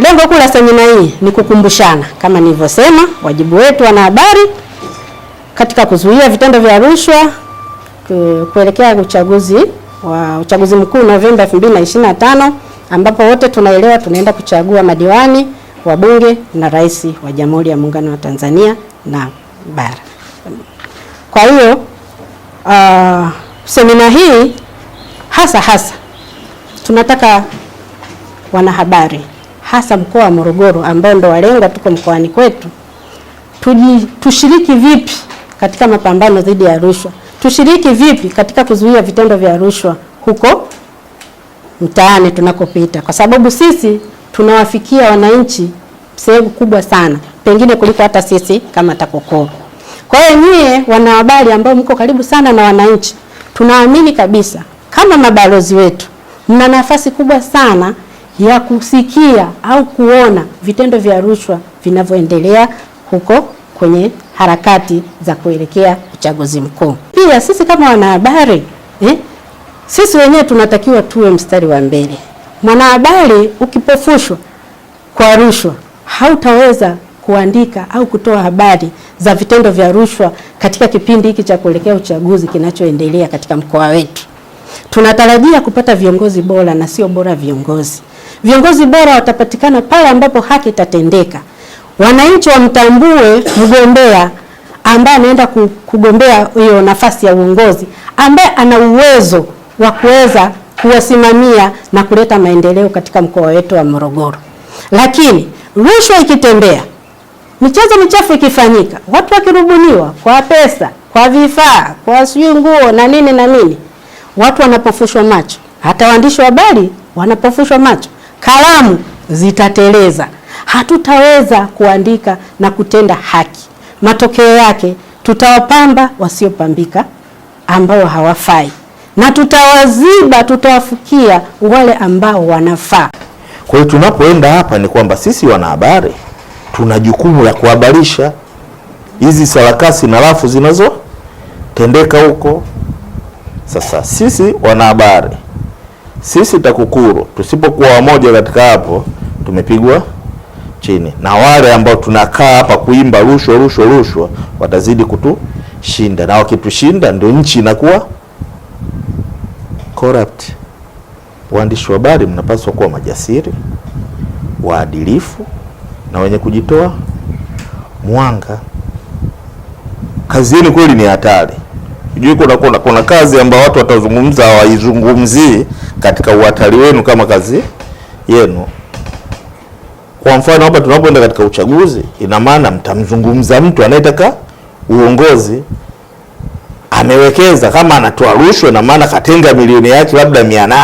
Lengo kuu la semina hii ni kukumbushana, kama nilivyosema, wajibu wetu wanahabari katika kuzuia vitendo vya rushwa kuelekea uchaguzi wa uchaguzi mkuu Novemba 2025 ambapo wote tunaelewa tunaenda kuchagua madiwani, wabunge na rais wa Jamhuri ya Muungano wa Tanzania na bara. Kwa hiyo uh, semina hii hasa hasa tunataka wanahabari hasa mkoa wa Morogoro ambao ndo walengwa, tuko mkoani kwetu, tuji, tushiriki vipi katika mapambano dhidi ya rushwa? Tushiriki vipi katika kuzuia vitendo vya rushwa huko mtaani tunakopita, kwa sababu sisi tunawafikia wananchi sehemu kubwa sana, pengine kuliko hata sisi kama TAKUKURU. Kwa hiyo nyie wanahabari ambao mko karibu sana na wananchi, tunaamini kabisa kama mabalozi wetu, mna nafasi kubwa sana ya kusikia au kuona vitendo vya rushwa vinavyoendelea huko kwenye harakati za kuelekea uchaguzi mkuu. Pia sisi kama wanahabari eh, sisi wenyewe tunatakiwa tuwe mstari wa mbele. Mwanahabari ukipofushwa kwa rushwa, hautaweza kuandika au kutoa habari za vitendo vya rushwa katika kipindi hiki cha kuelekea uchaguzi kinachoendelea katika mkoa wetu. Tunatarajia kupata viongozi bora na sio bora viongozi. Viongozi bora watapatikana pale ambapo haki itatendeka, wananchi wamtambue mgombea ambaye anaenda kugombea hiyo nafasi ya uongozi, ambaye ana uwezo wa kuweza kuwasimamia na kuleta maendeleo katika mkoa wetu wa Morogoro. Lakini rushwa ikitembea, michezo michafu ikifanyika, watu wakirubuniwa kwa pesa, kwa vifaa, kwa sijui nguo na nini na nini, watu wanapofushwa macho, hata waandishi wa habari wanapofushwa macho, kalamu zitateleza, hatutaweza kuandika na kutenda haki. Matokeo yake tutawapamba wasiopambika ambao hawafai na tutawaziba, tutawafukia wale ambao wanafaa. Kwa hiyo tunapoenda hapa ni kwamba sisi wanahabari tuna jukumu la kuhabarisha hizi sarakasi na rafu zinazotendeka huko. Sasa sisi wanahabari sisi TAKUKURU tusipokuwa wamoja katika hapo, tumepigwa chini, na wale ambao tunakaa hapa kuimba rushwa rushwa rushwa watazidi kutushinda, na wakitushinda ndio nchi inakuwa corrupt. Waandishi wa habari mnapaswa kuwa majasiri, waadilifu na wenye kujitoa mwanga. Kazi yenu kweli ni hatari sijui kuna, kuna, kuna kazi ambayo watu watazungumza hawaizungumzii katika uhatari wenu kama kazi yenu. Kwa mfano hapa tunapoenda katika uchaguzi, ina maana mtamzungumza mtu anayetaka uongozi amewekeza, kama anatoa rushwa, ina maana katenga milioni yake labda mia nane